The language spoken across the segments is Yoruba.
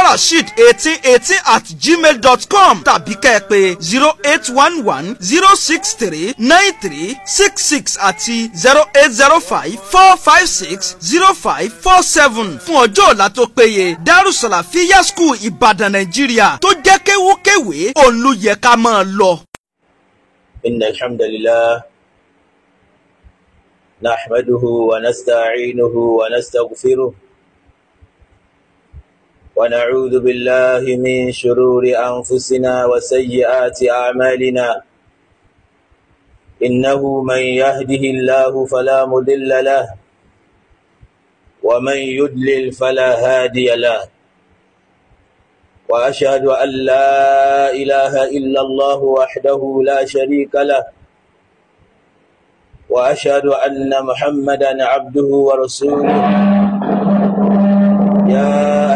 farasheed eighteen eighteen at gmail dot com tàbí kẹ́ẹ̀pè zero eight one one zero six three nine three six six àti zero eight zero five four five six zero five four seven fún ọjọ́ ọ̀la tó péye darussalafiya school ìbàdàn nàìjíríà tó jẹ́ kéwúkéwé òun ló yẹ ká máa lọ. إن الحمد لله نحمده ونستعينه ونستغفره ونعوذ بالله من شرور أنفسنا وسيئات أعمالنا إنه من يهده الله فلا مضل له ومن يدلل فلا هادي له وأشهد أن لا إله إلا الله وحده لا شريك له وأشهد أن محمدا عبده ورسوله يا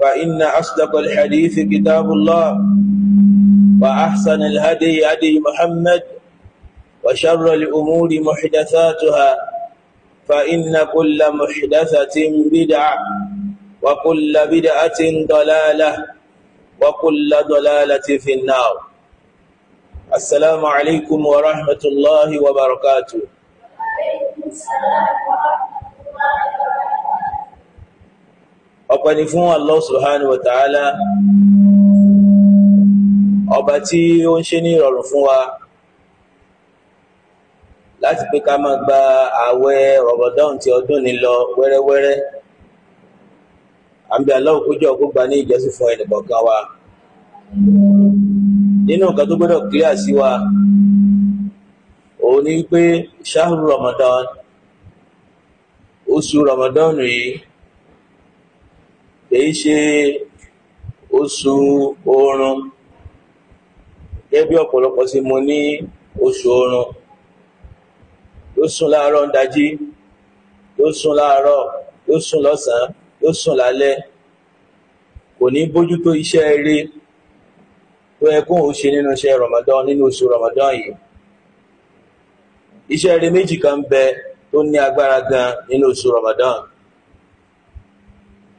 فإن أصدق الحديث كتاب الله وأحسن الهدي هدي محمد وشر الأمور محدثاتها فإن كل محدثة بدعة وكل بدعة ضلالة وكل ضلالة في النار السلام عليكم ورحمة الله وبركاته ọpẹ́ ni fún Allah subhanahu wa ta'ala ọba tí ó ń ṣe ní ìrọ̀rùn fún wa láti pé ká máa gba ààwẹ̀ Ramadan ti ọdún ní lọ wẹ́rẹ́wẹ́rẹ́ àbí Allah kójú ọkọ̀ ní ìjọsìn fún ẹnìkọ̀ọ̀kan wa nínú nǹkan tó gbọ́dọ̀ clear sí wa òun ni pé ṣáhùrù Ramadan oṣù Ramadan yìí kìí ṣe oṣù oorun gẹ́gẹ́ bí ọ̀pọ̀lọpọ̀ sí mo ní oṣù oorun yóò sùn láàárọ̀ ń dají yóò sùn láàárọ̀ yóò sùn lọ́sàn-án yóò sùn lálẹ́ kò ní bójú tó iṣẹ́ eré tó yẹ kóun ṣe nínú iṣẹ́ Ramadan nínú oṣù Ramadan yìí iṣẹ́ eré méjì kan bẹ tó ní agbára gan nínú oṣù Ramadan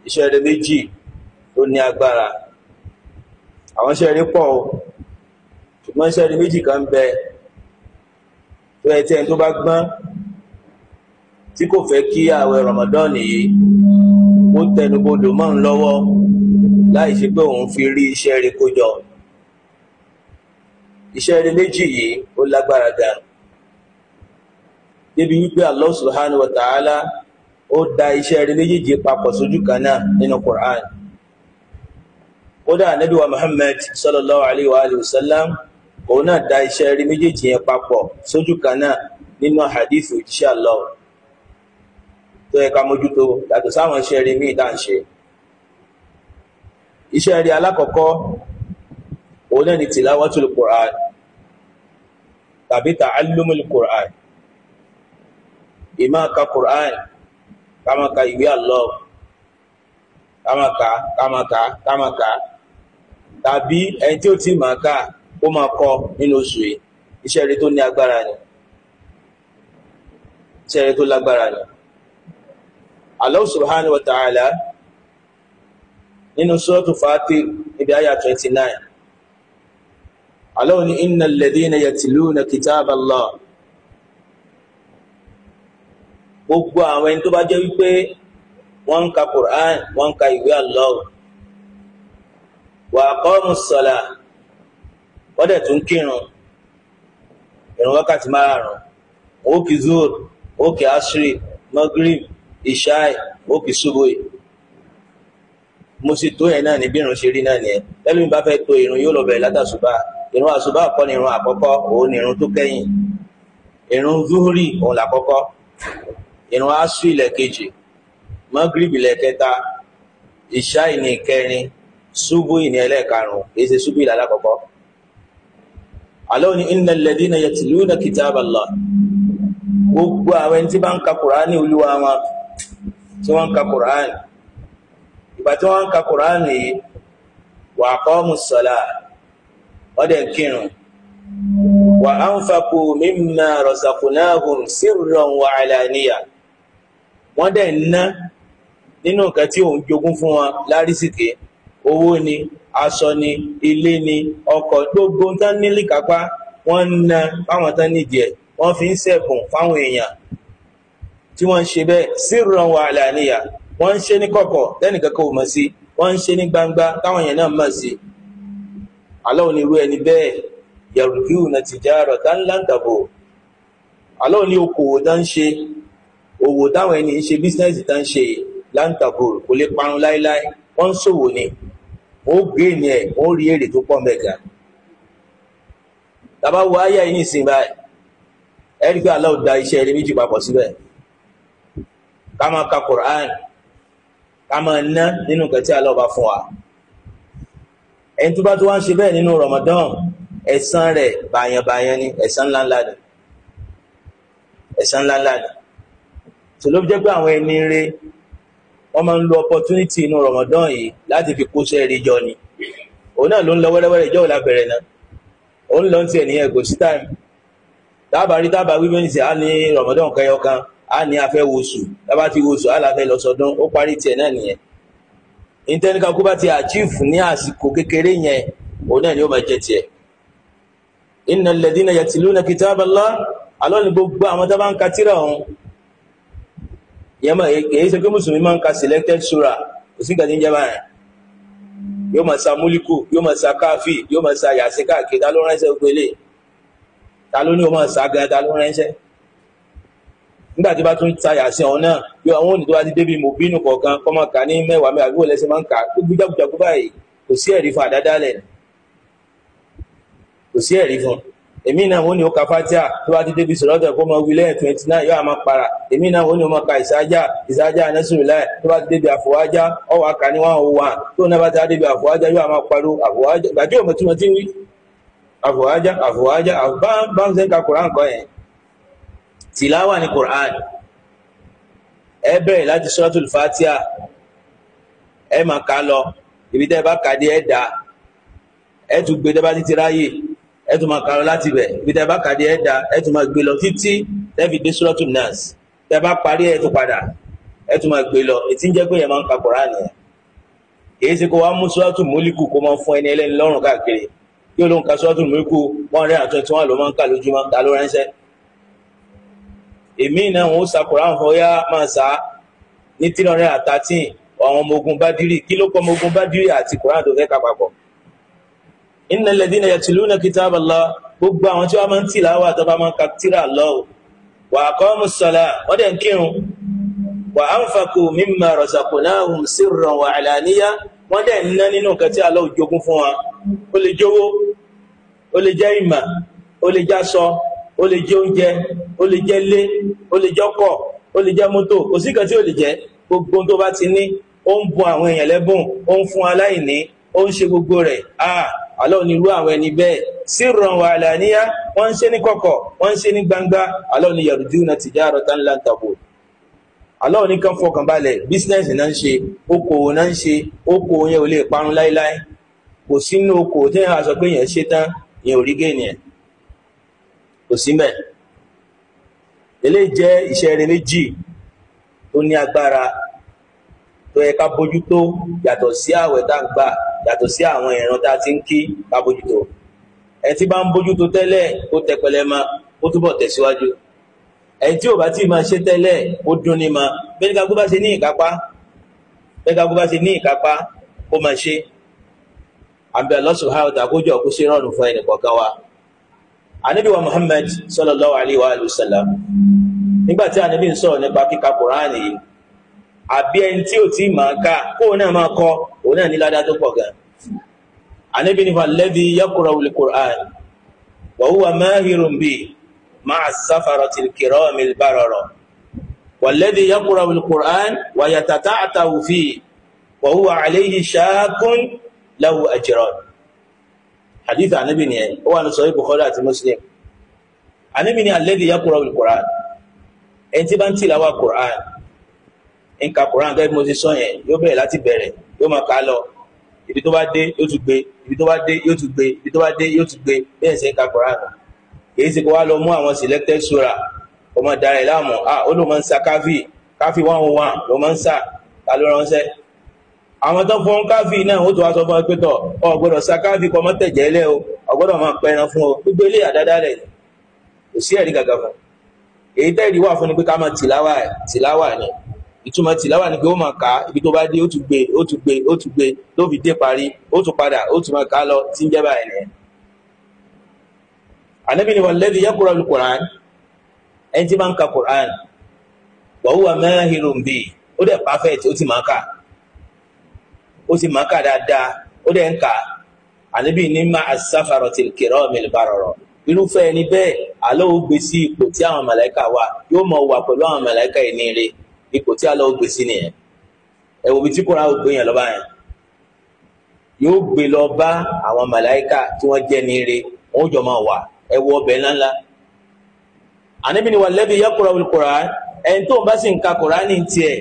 iṣẹ́ rere méjì tó ní agbára àwọn iṣẹ́ rere pọ̀ o ṣùgbọ́n iṣẹ́ rere méjì kan ń bẹ tó ẹ tí ẹni tó bá gbọ́n tí kò fẹ́ kí ààwẹ̀ Ramadan yìí ó tẹnubodò mọ́ ń lọ́wọ́ láì ṣe pé òun fi rí iṣẹ́ rere kó jọ iṣẹ́ rere méjì yìí ó lágbára gan débi wípé Allah subhanahu wa ta'ala ó da iṣẹ́ rẹ̀ méjèèjì papọ̀ sójú kan náà nínú Qur'an kódà Ànábì wa Muhammad sallallahu alaihi wa alihi wasallam òun náà da iṣẹ́ rẹ̀ méjèèjì yẹn papọ̀ sójú kan náà nínú hadith òjíṣẹ́ Allah tó yẹ ká mójútó yàtọ̀ sáwọn iṣẹ́ rẹ̀ míì dá ń ṣe iṣẹ́ rẹ̀ alákọ̀ọ́kọ́ òun náà ni tilawatul Qur'an tàbí ta'allumul Qur'an ìmá ka Qur'an kámaka ìwé àlọ́ kámaka kámaka kámaka tàbí ẹni tí ó ti máa kà ó máa kọ nínú oṣù yìí iṣẹ́ rẹ tó ní agbára ni iṣẹ́ rẹ tó lágbára ni Allah subhanahu wa ta'ala nínú sọ́ọ̀tù Fatir níbi àyà 29 Allah ni innal ladhina yatluna kitaballah gbogbo àwọn ẹni tó bá jẹ́ wípé wọ́n ń ka Qur'an wọ́n ń ka ìwé Allah wà aqamu s-salah wọ́n tó tún kírun ìrun wákàtí márùn-ún ó kí zuhur ó kí asiri magrib ishai ó kí subui mo sì tó yẹn náà ní bí ṣe rí náà nìyẹn lẹ́nu bá fẹ́ to irun yóò lọ bẹ̀rẹ̀ látàṣùbà irun àṣùbà kọ́ ni irun àkọ́kọ́ òun ni irun tó kẹ́yìn irun zuhuri òun làkọ́kọ́ ìrun asu ilẹ̀ kejì mọ́gírìbì lẹ́kẹta ìṣá ìní ìkẹrin ṣubú ìní ẹlẹ́ẹ̀karùn-ún kìí ṣe ṣubú ìlà alákọ̀ọ́kọ́ alóòní innal ladina yatluna kitaballah gbogbo àwọn ẹni tí bá ń ka kùránì olúwa wọn tí wọ́n ń ka kùránì ìgbà tí wọ́n ń ka kùránì yìí wa aqamus salah wọ́n dẹ̀ ń kírun wa anfaqu mimma razaqnahum sirran wa alaniya wọ́n dẹ̀ ń ná nínú nǹkan tí òun jogún fún wọn lárísìkè owó ni aṣọ ni ilé ni ọkọ̀ gbogbo tán nílì kápá wọ́n ń ná fáwọn tán nídìí ẹ̀ wọ́n fi ń ṣẹ̀bùn fáwọn èèyàn tí wọ́n ń ṣe bẹ́ẹ̀ sírran wa àlàníyà wọ́n ń ṣe ní kọ̀kọ̀ lẹ́nìkankan ò mọ̀ sí wọ́n ń ṣe ní gbangba táwọn èèyàn náà mọ̀ sí Allah ni irú ẹni bẹ́ẹ̀ yàrùkú nàtìjà rọ̀ tán láǹtàbò Allah ni okòwò tán ń ṣe òwò táwọn ẹni ń ṣe bísínẹ́sì tán ṣe láǹtàkùrù kò lè parun láéláé wọ́n ń ṣòwò ni wọ́n ó gé ni ẹ̀ wọ́n ó rí èrè tó pọ̀ mẹ́ga. tàbá wo ayé yìí nìsín báyìí ẹ̀ríkà aláwọ̀ da iṣẹ́ eré méjì papọ̀ síbẹ̀ ká máa ka Quran ká máa ná nínú nǹkan tí aláwọ̀ bá fún wa ẹni tó bá tó wá ń ṣe bẹ́ẹ̀ nínú Ramadan ẹ̀san rẹ̀ bàyànbàyàn ni ẹ̀san ńláńlá ni ẹ̀san ńláńlá ni tó ló jẹ́ pé àwọn ẹni rẹ wọ́n máa ń lo opportunity inú Ramadan yìí láti fi kóṣẹ́ rí jọ ni òun náà ló ń lọ wẹ́rẹ́wẹ́rẹ́ ìjọ́ òun lábẹ̀rẹ̀ náà òun lọ ti ẹ̀nìyàn kò sí time tábà rí tábà wí mẹ́rin sí á ní Ramadan kẹyọ kan á ní afẹ́ wosù tábà ti wosù á láfẹ́ lọ sọdún ó parí tiẹ̀ náà nìyẹn ìtẹ́nika kó bá ti achieve ní àsìkò kékeré yẹn òun náà ni ó máa jẹ tiẹ̀ innal ladina yatiluna kitaballah alọ́ ni gbogbo àwọn tábà ń ka ọ̀hún ìyẹn máa kìí ṣe pé mùsùlùmí máa ń ka selected sura kò sí gàdí ń jẹba rẹ yóò máa sa múlíkù yóò máa sa káfí yóò máa sa yàsí káàkiri ta ló ránṣẹ́ gbogbo eléyìí ta ló ní o máa sa gan ta ló ránṣẹ́ nígbà tí bá tún ta yàsí ọ̀hún náà yóò àwọn òní tó bá ti débi mò bínú kọ̀ọ̀kan kọ́ máa kà ní mẹ́wàá mẹ́wàá gbogbo lẹ́sẹ̀ máa ń kà gbogbo jágùjágù báyìí kò sí ẹ̀rí fún àdádálẹ̀ kò sí ẹ̀rí fún un èmi náà wọ́n ní ó ka fatia tó bá ti débi sọ̀rọ̀ kó mọ wí twenty nine yóò máa para èmi náà wọ́n ní ó máa ka ìsájà ìsájà anásùnláì tó bá ti débi àfọwájá ọwọ́ àkà ní one oh one tó náà bá ti débi àfọwájá yóò máa pariwo àfọwájá gbàdí òmò tí wọ́n ti ń wí àfọwájá àfọwájá bá ń sẹ́ka koran kan yẹn tìláwà ní koran ẹ bẹ̀rẹ̀ láti suratul fatia ẹ máa ka lọ ibi tẹ́ ẹ bá kàdé ẹ dà ẹ tún gbé tẹ́ bá ti ti ráyè ẹ tún máa kàrọ láti bẹ̀ ibi tẹ́ bá kàdé ẹ da ẹ tún máa gbé lọ títí tẹ́ fi dé sọ́lọ́tù nọ́ọ̀sì tẹ́ bá parí ẹ tún padà ẹ tún máa gbé lọ ètí ń jẹ́ pé yẹn máa ń ka Kùránì yẹn kìí ṣe kó wá mú sọ́lọ́tù múlíkù kó máa fún ẹni ẹlẹ́ni lọ́rùn káàkiri yóò ló ka sọ́lọ́tù múlíkù one hundred and twenty one ló máa ń kà lójúmọ́ ta ló ránṣẹ́ èmi náà wọn ó sa Kùránì fún ọyá máa sá ní three hundred and àwọn ọmọ ogun Bádírì kí ló kọ́ ọmọ ogun Bádírì àti Kùránì tó papọ̀ innal ladhina yatluna kitab Allah gbogbo àwọn tí wọ́n máa ń tì láwà tó bá máa ń ka tírà Allah wa aqamus salah wọ́n dẹ̀ ń kírun wa anfaqu mimma razaqnahum sirran wa alaniya wọ́n dẹ̀ ń ná nínú nǹkan tí Allah jogún fún wa ó lè jówó ó lè jẹ́ ìmọ̀ ó lè jẹ́ aṣọ ó lè jẹ́ oúnjẹ ó lè jẹ́ ilé ó lè jẹ́ ọkọ̀ ó lè jẹ́ mọ́tò kò sí nǹkan tí ó lè jẹ́ gbogbo tó bá ti ní ó ń bùn àwọn èèyàn lẹ́bùn ó ń fún aláìní ó ń ṣe gbogbo rẹ̀ ah, Allah ni irú àwọn ẹni bẹ́ẹ̀ sirran wa alaniya wọ́n ń ṣe ní kọ̀kọ̀ wọ́n ń ṣe ní gbangba Allah ni na tijaratan lan tabur Allah ni kan fọkàn balẹ̀ bísínẹ́sì náà ń ṣe okòwò náà ń ṣe okòwò yẹn ò lè parun láíláí kò sínú okòwò tí yẹn aṣọ pé yẹn ṣe tán yẹn ò rí géènì ẹ̀ kò sí mẹ́ eléyìí jẹ́ iṣẹ́ rere méjì tó ní agbára tó yẹ ká bójútó yàtọ̀ sí ààwẹ̀ tá à gbà yàtọ̀ sí àwọn ìran tá a ti ń kí bá bójútó ẹ tí bá ń bójútó tẹ́lẹ̀ ó tẹpẹlẹ ma ó túbọ̀ tẹ̀síwájú ẹ tí ò bá tí máa ṣe tẹ́lẹ̀ ó dún ní ma bẹ́ẹ̀ ká gbọ́bá ṣe ní ìkápá bẹ́ẹ̀ ká gbọ́bá ṣe ní ìkápá ó máa ṣe àbẹ̀ Allah subhanahu wa ta'ala kójọ kó ṣe rọrùn fún ẹnì kọ̀ọ̀kan wa anabi wa Muhammad sallallahu alaihi wa sallam nígbà tí anabi ń sọ̀rọ̀ nípa kíka Kùránì yìí àbí ẹni tí ò tí máa ká kóun náà máa kọ òun náà ní ládá tó pọ̀ gan Ànábì ní alladhi yaqra'u al-Qur'an wa huwa mahirun bihi ma'a as-safarati al-kirami al-barara والذي يقرأ القرآن ويتتعتع فيه وهو عليه شاك له أجران حديث عن ابن هو عن صحيح بخاري مسلم عن ابن الذي يقرأ القرآن ẹni bá ń tìlàwà Qur'an nǹkan Qur'an gẹ́gẹ́ bí mo ti sọ yóò bẹ̀rẹ̀ láti bẹ̀rẹ̀ yóò máa kà á ibi tó bá dé yóò tún gbé ibi tó bá dé yóò tún gbé ibi tó bá dé yóò tún gbé bẹ́ẹ̀ ṣe ń koran kì í ṣe kó wá lọ mú àwọn selected sura ọmọ ìdára ẹ̀ láàmú à ó ló máa ń sa káfí káfí one on oh one ló máa ń sa ta ló ránṣẹ́ àwọn tó fún káfí náà ó tó wá sọ fún ẹ pé tọ ọ gbọ́dọ̀ sa káfí kọ mọ tẹjẹ lẹ o ọ gbọ́dọ̀ máa pẹran fún o gbogbo ilé àdáda rẹ kò sí ẹ̀rí gàgà fún èyí tẹ́ẹ̀rí wà fún ni pé ká máa tìláwà tìláwà ni ìtumọ̀ tìláwà ni pé ó máa kà á ibi tó bá dé ó tún gbé ó tún gbé ó tún gbé ló fi dé parí ó tún padà ó tún máa kà lọ tí ń jẹ́ báyìí nìyẹn. ànábì ni walladhi yaqra'u al-Qur'an ẹni tí máa ń ka Qur'an wa huwa mahirun bihi ó dẹ̀ perfect ó ti máa kà ó ti máa kà dáadáa ó dẹ̀ ń kà ànábì ni ma'a as-safaratil kiramil barara irúfẹ́ ẹni bẹ́ẹ̀ àlọ́ ó gbé sí ipò tí àwọn màláíkà wà yóò máa wà pẹ̀lú àwọn màláíkà ìníire ipò tí aláwọ̀ gbé sí nìyẹn ẹ̀wò bí tí kòrán ògbé yẹn lọ́ba yẹn yóò gbé lọ bá àwọn màláìka tí wọ́n jẹ́ ní ire wọ́n jọ máa wà ẹ̀wò ọbẹ̀ ńláńlá àníbi ni wàlẹ́bí yẹ kóra wọlé kóra ẹni tó ń bá sì ń ka kóra ní tiẹ̀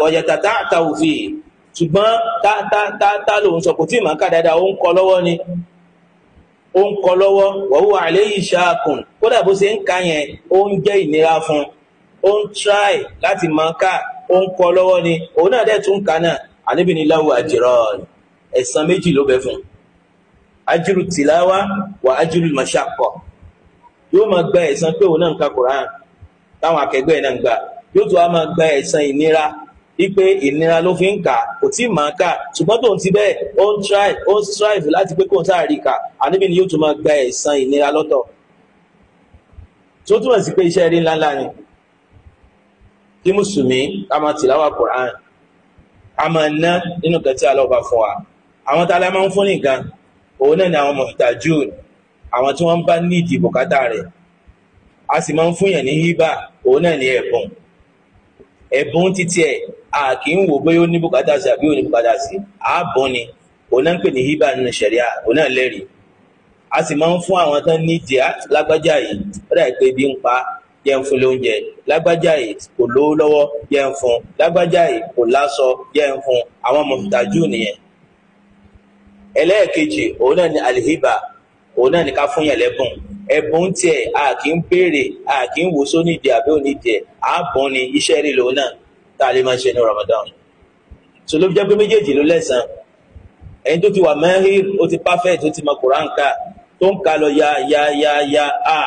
wàyàtà tá òfin ṣùgbọ́n tá tá tá tá sọ kò tí ì máa ká dáadáa ó ń kọ lọ́wọ́ ni ó ń kọ lọ́wọ́ wọ́n wà lẹ́yìn ṣáàkùn kódà bó ṣe ń ka yẹn ó ń jẹ́ ìnira fún un ó ń try láti máa ká ó ń kọ lọ́wọ́ ni òun náà dẹ̀ tún kà náà ànábì láwù àjẹrọ ẹ̀san méjì ló bẹ fún ajiru tìláwá wà ajiru mashaqqa yóò máa gba ẹ̀san pé òun náà ń ka Qur'an táwọn akẹgbẹ́ náà ń gbà yóò tún á máa gba ẹ̀san ìnira wípé ìnira ló fi ń kà kò tí ì máa kà ṣùgbọ́n tóun ti bẹ́ẹ̀ ó ń try ó ń strive láti pé kóun táà rí kà ànábì ní yóò tún máa gba ẹ̀san ìnira lọ́tọ̀ tó túmọ̀ sí pé iṣẹ́ rí ńláńlá ni kí mùsùlùmí ká máa tìláwà Quran a máa ná nínú kan tí Allah bá fún wa àwọn tá a lè máa ń fún nìkan òun náà ni àwọn muhtajun àwọn tí wọ́n bá nídìí bùkátà rẹ̀ a sì máa ń fún yàn ní hibà òun náà ni ẹ̀bùn ẹ̀bùn títí ẹ̀ a kì í wò bóyá ó ní bùkátà sí àbí ó ní bùkátà sí ààbọ̀ ni òun náà ń pè ní hibà nínú ṣẹ̀ríà òun náà lẹ́rìí a sì máa ń fún àwọn tán nídìí lágbájá yìí ó dà jẹ́ ń fún lóúnjẹ lágbájá yìí kò lówó lọ́wọ́ jẹ́ ń fún lágbájá yìí kò láṣọ jẹ́ ń fún àwọn mọ̀tàjú nìyẹn. ẹlẹ́ẹ̀kejì òun náà ni alihiba òun náà ni ká fún yàn lẹ́bùn ẹ̀bùn tiẹ̀ a kì í béèrè a kì í wò sónídìí àbí onídìí ẹ̀ ni iṣẹ́ rí lòun náà tá a lè máa ṣe ní Ramadan so ló jẹ́ pé méjèèjì ló lẹ́sàn-án ẹni tó ti wà mẹ́hìr ó ti perfect ó ti mọ Kùránì tó ń kalọ ya ya ya ya a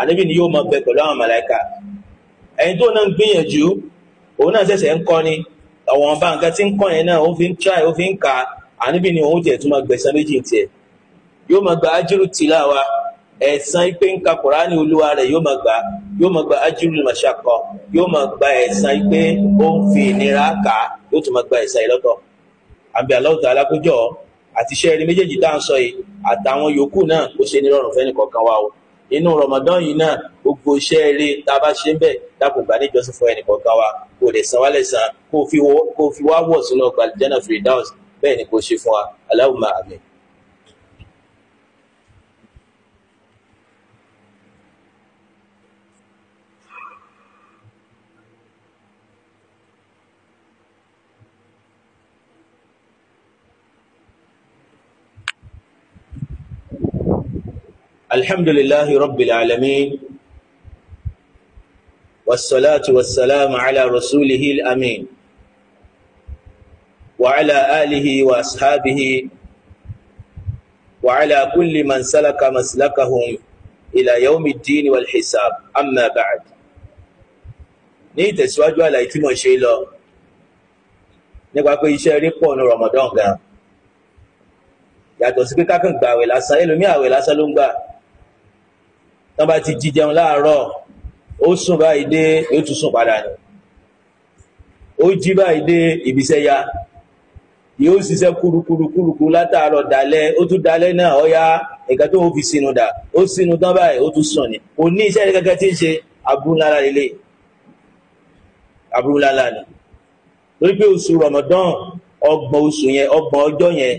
ànábì ni yóò máa bẹ pẹ̀lú àwọn ẹni tó náà ń gbìyànjú òun náà ṣẹ̀ṣẹ̀ ń kọ́ àwọn bá nǹkan tí ń kọ́ yẹn náà ó fi ń ó fi ń òun máa gbẹ̀san méjì gba ipe ń ka kùránì olúwa rẹ̀ yóò máa yóò máa gba ájírù màṣàkọ yóò máa gba ẹ̀san ipe ó ń fi ìnira gba ẹ̀san ìlọ́tọ̀ àbí àti iṣẹ́ eré méjèèjì tá à ń sọ yìí àtàwọn yòókù náà ó ṣe ní rọrùn fẹ́ni kọ̀ọ̀kan wa o inú Ramadan yìí náà gbogbo iṣẹ́ eré tá a bá ṣe ń bẹ̀ dákò gbà níjọsìn fún ẹnì kọ̀ọ̀kan wa kò lè san wálẹ̀ san kó fi wá wọ̀ sínú ọgbà Jannatul Firdaus bẹ́ẹ̀ ni kò ṣe fún wa Allahumma amin. الحمد لله رب العالمين والصلاة والسلام على رسوله الأمين وعلى آله وأصحابه وعلى كل من سلك مسلكهم إلى يوم الدين والحساب أما بعد ní ìtẹ̀síwájú àlàyé tí mo ṣe lọ nípa pé iṣẹ́ rí pọ̀ ní Ramadan gan yàtọ̀ sí pé kákàn gbààwẹ̀ lásán ẹlòmíì àwẹ̀ lásán ló ń gbà tán bá ti jíjẹun láàárọ̀ ó sùn báyìí dé yóò tún sùn padà ni ó jí báyìí dé ibiṣẹ́ ya yóò ṣiṣẹ́ kúrukúrukúrukú látàárọ̀ dalẹ́ ó tún dalẹ́ náà ọ̀ya ẹ̀ka tó fi sínú dà ó sínú tán báyìí ó tún sùn ni kò ní iṣẹ́ kankan tí ń ṣe abúlára líle abúlára ni lórí pé oṣù Ramadan ọgbọ̀n oṣù yẹn ọgbọ̀n ọjọ́ yẹn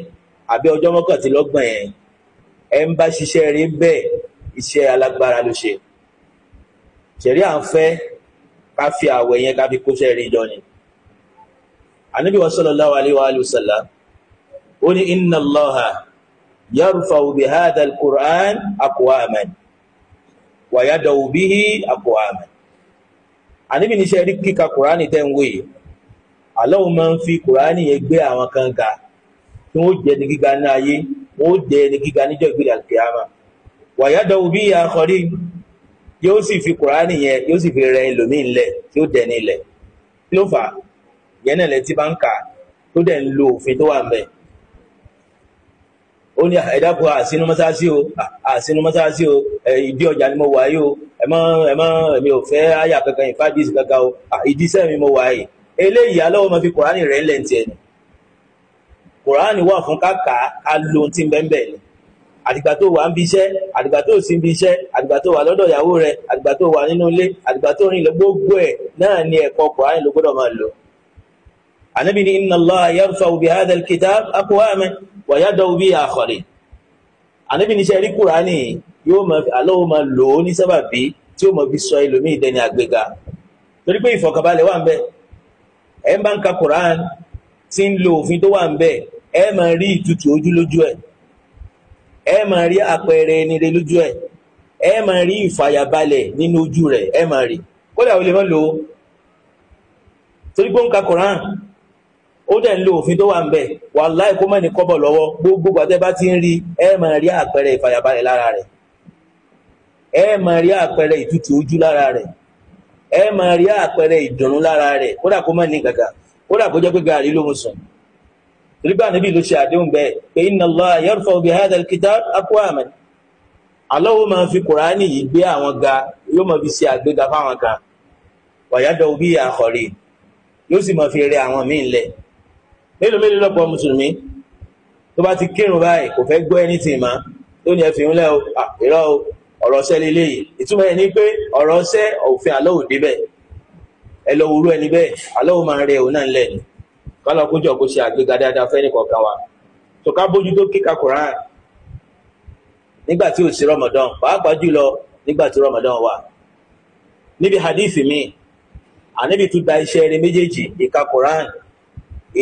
àbí ọjọ́ mọ́kàntínlọ́gbọ̀n yẹn ẹ̀ ń bá ṣiṣẹ́ rí bẹ́ẹ̀ iṣẹ́ alágbára ló ṣe ṣẹ̀rí à ń fẹ́ ká fi àwẹ̀ yẹn ká fi kóṣẹ́ rí jọ ni ànábì sallallahu alaihi wa alihi wasallam ó ní inna Allaha yarfa'u bi hadha al-Qur'an aqwaman wa yada'u bihi aqwaman ànábì ní ṣẹ́rí kíka kùránì tẹ́ ń wé Allah máa ń fi kùránì yẹn gbé àwọn kan ga tí wọ́n jẹ́ ní gíga ní ayé wọ́n jẹ́ ní gíga níjọ́ ìgbéra kìámà wàyádọ̀ bí àkọ́rí yóò sì fi kùránì yẹn yóò sì fi rẹ ẹlòmíín lẹ̀ tí ó dẹni lẹ̀ kí ló fà yẹn náà lẹ́tí bá ń kà tó dẹ̀ ń lo òfin tó wà ń bẹ̀ ó ní ẹ̀dàpọ̀ àsínú mọ́sáàsí o àsínú mọ́sáàsí o ìdí ọjà ni mo wà yìí o ẹ̀mọ́ ẹ̀mọ́ mi ò fẹ́ àyà kankan ìfádìsì kankan o ìdísẹ́ mi mo wà yìí eléyìí alọ́wọ́ máa fi kùránì rẹ̀ ń lẹ̀ ń tiẹ̀ ni kùránì wà fún káka alóhun tí ń bẹ́ẹ̀ bẹ́ẹ̀ ni àdìgbà tó wà ń bi iṣẹ́ àdìgbà tó sì ń bi iṣẹ́ àdìgbà tó wà lọ́dọ̀ ìyàwó rẹ àdìgbà tó wà nínú ilé àdìgbà tó rìn lọ gbogbo ẹ̀ náà ni ẹ̀kọ́ Kùránì ló gbọ́dọ̀ máa lò. ànábì ní inna Allah yarfa'u bi hadha al-kitab aqwaman wa yada'u bihi akharin. ànábì ní iṣẹ́ rí Kùránì yóò máa Allah máa lò ó ní sábàbí tí ó máa fi sọ ẹlòmíì dẹni àgbéga torí pé ìfọ̀kànbalẹ̀ wà ń bẹ ẹ̀ ń bá ń ka Kùránì tí ń lo òfin tó wà ń bẹ ẹ̀ máa rí ìtutù ojú ẹ̀ ẹ máa rí àpẹẹrẹ ẹni lójú e. ẹ máa rí ìfàyàbalẹ̀ nínú ojú rẹ̀ ẹ máa rí kódà ó lè mọ́ lò ó torí pé ó ń ka koran ó dẹ̀ ń lo òfin tó wà ń bẹ̀ kó mẹ́ni gbogbo gbàtẹ́ bá ti ń rí ẹ máa rí àpẹẹrẹ ìfàyàbalẹ̀ lára rẹ̀ ẹ máa rí àpẹẹrẹ ìtutù ojú lára rẹ̀ ẹ máa rí àpẹẹrẹ ìdùnnú lára rẹ̀ kódà kó mẹ́ni gàgà kódà kó jẹ́ pé gàrí rígbà níbi ló ṣe àdéhùn bẹ́ẹ̀ pé inna Allah yarfa'u bi hadha al-kitab aqwaman Allah ó máa fi kùránì yìí gbé àwọn ga yóò máa fi ṣe àgbéga fáwọn kan wa yada'u bihi akharin yóò sì máa fi rẹ àwọn míì lẹ̀ mélòó mélòó lọ́pọ̀ mùsùlùmí tó bá ti kírun báyìí kò fẹ́ gbọ́ ẹni tì má tó ní ẹfì ńlẹ̀ ìrọ̀ ọ̀rọ̀ ṣẹ́ lélẹ̀ yìí ìtumọ̀ ẹni pé ọ̀rọ̀ ṣẹ́ òfin Allah ò ẹ lọ wúrú ẹni bẹ́ẹ̀ Allah máa rẹ òun náà lẹ́nu kọ́lọ́ kójọ kó ṣe àgbéga dáadáa fẹ́ni kọ̀ọ̀kan wa tó ká bójútó kíka Quran nígbà tí ò sí Ramadan pàápàá jùlọ nígbà tí Ramadan wà níbi hadithi mi ànábì tún da iṣẹ́ rẹ méjèèjì ìka Quran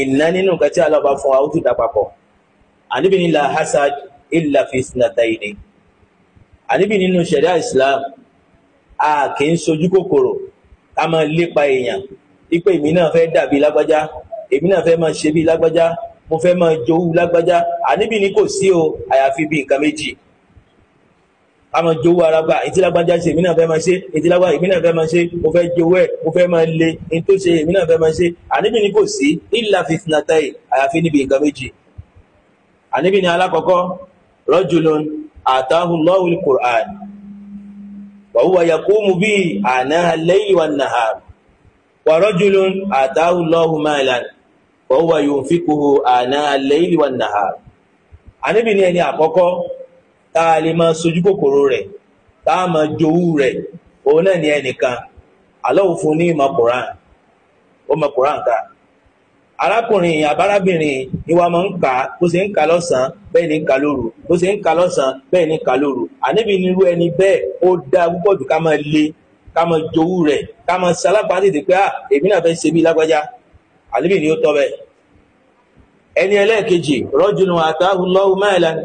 ìná nínú nǹkan tí alába fún wa ó tún dà papọ̀ ní la hasad illa fi sinataini ànábì nínú ṣẹ̀ríà Islam a kì í sojú kòkòrò ká máa lépa èèyàn ipe èmi náà fẹ́ dàbí lágbájá èmi náà fẹ́ máa ṣe bí lágbájá mo fẹ́ máa jowú lágbájá àníbì ni kò sí o àyàfi bí nǹkan méjì àmọ́ jowú ara gba ètí lágbájá ṣe èmi náà fẹ́ máa ṣe ètí lágbájá èmi náà fẹ́ máa ṣe mo fẹ́ jowú ẹ̀ mo fẹ́ máa le ní tó ṣe èmi náà fẹ́ máa ṣe àníbì ni kò sí ìlà fìtìnàtàì àyàfi níbi nǹkan méjì àníbì ni alákọ̀ọ́kọ́ rọ́jùlọ́n àtàhùnlọ́wùl kùrán wàhùwà wọ́wọ́ yóò fi kúrò àná al-layli wan-nahar ní ẹni àkọ́kọ́ tá a lè máa sojú kòkòrò rẹ̀ tá a máa jowú rẹ̀ òun náà ní ẹnìkan Allahu fún ní ìmọ̀ Qur'an ó mọ ká arákùnrin ni wọ́n máa ń le ká máa jowú rẹ̀ ká máa ah, ṣe àníbì ni ó tọ́ bẹ́ẹ̀ ẹni ẹlẹ́ẹ̀kejì rọ́jùnù àtàhùlọ́hù mẹ́ẹ̀lẹ́n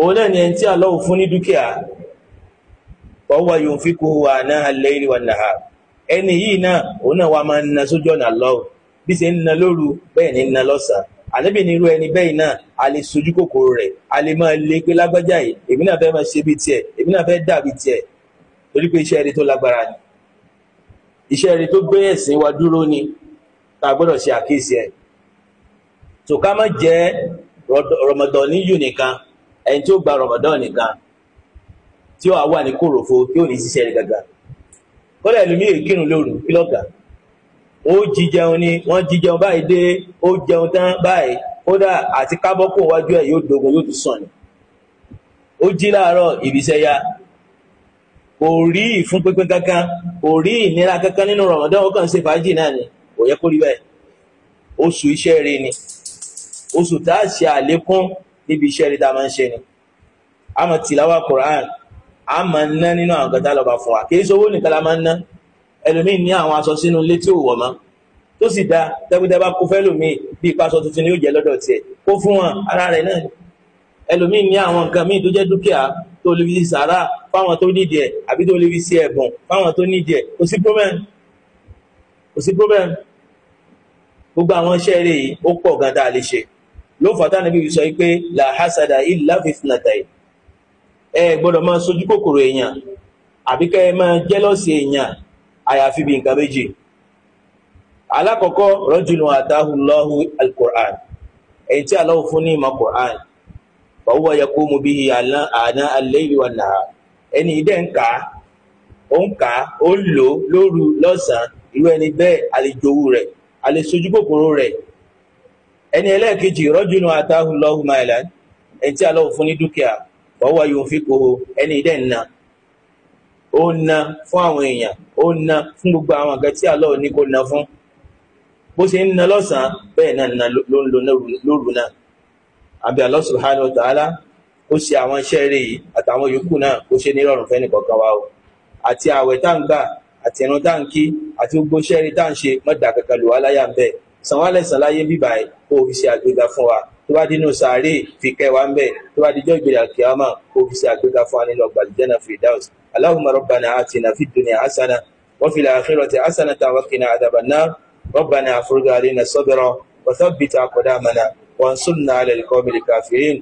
òun náà ni ẹni tí àlọ́hù fún ní dúkìá ọwọ́ yóò fi kó wà náà lẹ́yìn wà náà ẹni yìí náà òun náà wà máa ń na sójú ọ̀nà àlọ́hù bí ṣe ń na lóru bẹ́ẹ̀ ni ń na lọ́sàn-án ni irú ẹni bẹ́ẹ̀ náà a lè sojú kòkòrò rẹ̀ a lè máa lé pé lágbájá yìí èmi náà fẹ́ ta gbọ́dọ̀ ṣe àkíyèsí ẹ̀ tó ká má jẹ́ rọmọdọ̀ ní yù nìkan ẹni tí ó gba rọmọdọ̀ nìkan tí ó wà ní kòròfo tí ó ní ṣiṣẹ́ rẹ̀ gàgà kọ́lẹ̀ ìlú mi èkírun lóru kí lọ́gà ó jí jẹun ni wọ́n jí jẹun báyìí dé ó jẹun tán báyìí kódà àti kábọ́kù wájú ẹ̀ yóò dogun yóò tún sàn ni ó jí láàárọ̀ ìbísẹ́ ya kò rí ìfúnpínpín kankan kò rí ìnira kankan nínú rọmọdọ̀ ó kàn ṣe fàájì náà ni kò yẹ kó rí bẹ́ẹ̀ oṣù iṣẹ́ rẹ ni oṣù tá a ṣe àlékún níbi iṣẹ́ rẹ tá a máa ń ṣe ni a máa tìláwà Quran a máa ń ná nínú àwọn kẹta lọ́ba fún wa kì í ṣe owó nìkan la máa ń ná ẹlòmíín ní àwọn aṣọ sínú ilé tí ò wọ̀ mọ́ tó sì da tẹ́gbẹ́tẹ́ bá kó fẹ́lòmíì bí ìpasọ̀ tuntun ni yóò jẹ́ lọ́dọ̀ tiẹ̀ kó fún wọn ara rẹ̀ náà ni ẹlòmíì ní àwọn nǹkan míì tó jẹ́ dúkìá tó lè fi sàárà fáwọn tó nídìí ẹ̀ àbí tó lè fi ṣe ẹ̀bùn fáwọn tó nídìí ẹ̀ kò sí problem kò sí problem gbogbo àwọn iṣẹ́ eré yìí ó pọ̀ gan tá a lè ṣe ló fà tá níbi sọ pé la hasada illa fitnatai ẹ gbọ́dọ̀ máa sojú kòkòrò èèyàn àbí kẹ́ ẹ máa jẹ́lọ́sì èèyàn àyàfi bí nǹkan méjì alákọ̀ọ́kọ́ rajulun atahullahu alqur'an èyí tí Allah fún ní ìmọ̀ qur'an fa huwa yaqumu bihi àná al-layli wan ẹni ìdẹ́ ń kà ó ń kà ó ń lò lóru lọ́sàn-án irú ẹni bẹ́ẹ̀ àlejò owó rẹ̀ a lè sojú kòkòrò rẹ̀ ẹni ẹlẹ́ẹ̀kejì rọ́jùnú àtàhùlọ́hù máìlán ẹni tí aláwọ̀ fún ní dúkìá ọwọ́ yóò fi kò ẹni ìdẹ́ ńnà ó ná fún àwọn èèyàn ó ná fún gbogbo àwọn nǹkan tí aláwọ̀ ní kó ná fún bó ṣe ń ná lọ́sàn-án bẹ́ẹ̀ náà ná ló ń lo lóru náà àbí Allah subhanahu wa ó ṣe àwọn iṣẹ́ rẹ̀ yìí àtàwọn yòókù náà ó ṣe nírọ̀rùn fẹ́nìkọ̀ọ̀kan wa o àti àwẹ̀ tá àti ẹran tá à ń kí àti gbogbo sẹ́ẹ̀rì tá à ń ṣe mọ́dà kankan lò wá láyà ń bẹ̀ san wá lẹ́sàn láyé bíbà ẹ̀ kó o fi ṣe àgbéga fún wa tó bá dínú sàárè fi kẹ́ wa ń bẹ̀ tó bá dijọ́ ìgbèrè àkíyàmà kó o fi ṣe àgbéga fún wa nínú ọgbà àlùjánnà firdaus allahumma rabbana atina fid dunya hasana wa fil akhirati hasanatan wa qina adhaban nar rabbana afrigh alayna sabra على القوم الكافرين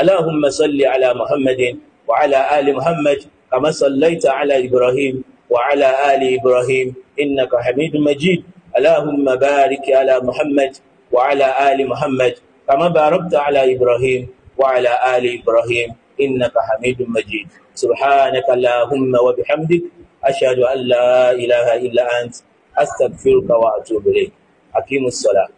اللهم صل على محمد وعلى آل محمد كما صليت على إبراهيم وعلى آل إبراهيم إنك حميد مجيد اللهم بارك على محمد وعلى آل محمد كما باركت على إبراهيم وعلى آل إبراهيم إنك حميد مجيد سبحانك اللهم وبحمدك أشهد أن لا إله إلا أنت أستغفرك وأتوب إليك أقيم الصلاة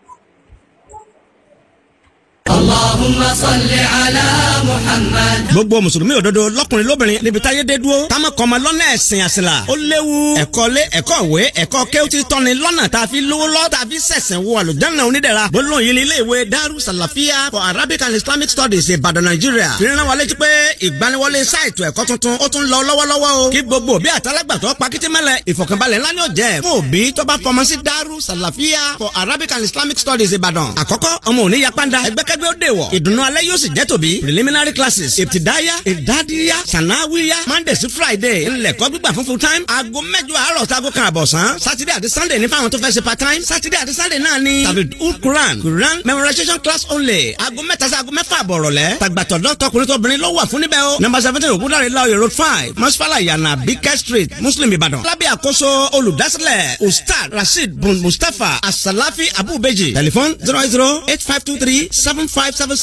الله Allahumma salli ala Muhammad. gbogbo mùsùlùmí òdodo lọ́kùnrin lóbìnrin níbi táyé dé dúró táwọn kan ma lọ́nà ẹ̀sìn àṣìlá ó léwu ẹ̀kọ́ lé ẹ̀kọ́ ìwé ẹ̀kọ́ kéwútì tọ́ni lọ́nà tá a fi lówó lọ́ tá a fi sẹ̀sẹ̀ wọ àlùjáná onídẹ̀ra gbólóhùn yìí ní ilé ìwé Daru Salafia for Arabic and Islamic Studies Ìbàdàn Nàìjíríà fi rán wa létí pé ìgbaniwọlé sáìtù ẹ̀kọ́ tuntun ó tún lọ lọ́wọ́lọ́wọ́ o kí gbogbo bí àtàlágbàtọ́ pakitímẹ́lẹ̀ ìfọ̀kànbalẹ̀ ńlá ni ó jẹ́ fún òbí Daru Salafia for Arabic and Islamic Studies Ìbàdàn àkọ́kọ́ ọmọ òní yapanda ẹgbẹ́kẹ́gbẹ́ ó dè ìdùnnú alẹ́ yóò sì jẹ́ tòbí preliminary classes ìtìdáyà ìdádíyà sànáwíyà monday sí friday ńlẹ̀kọ́ gbígbà fún full time aago mẹ́jọ àárọ̀ sago kan àbọ̀sán saturday àti sunday ní fáwọn tó fẹ́ ṣe part time saturday àti sunday náà ni tàbí quran quran memorization class only aago mẹ́ta sí aago mẹ́fà àbọ̀rọ̀lẹ́ tàgbàtọ̀dọ́ tọkùnrin tóbìnrin ló wà fún níbẹ̀ o number seventeen ògúndàrí laoye road five mọ́sífàlà yànnà bíkẹ́ street muslim ìbàdàn lábẹ́ àkóso olùdásílẹ̀ ustaz rasheed bun mustapha asalafi abubeji telephone zero eight zero eight five two three seven five seven six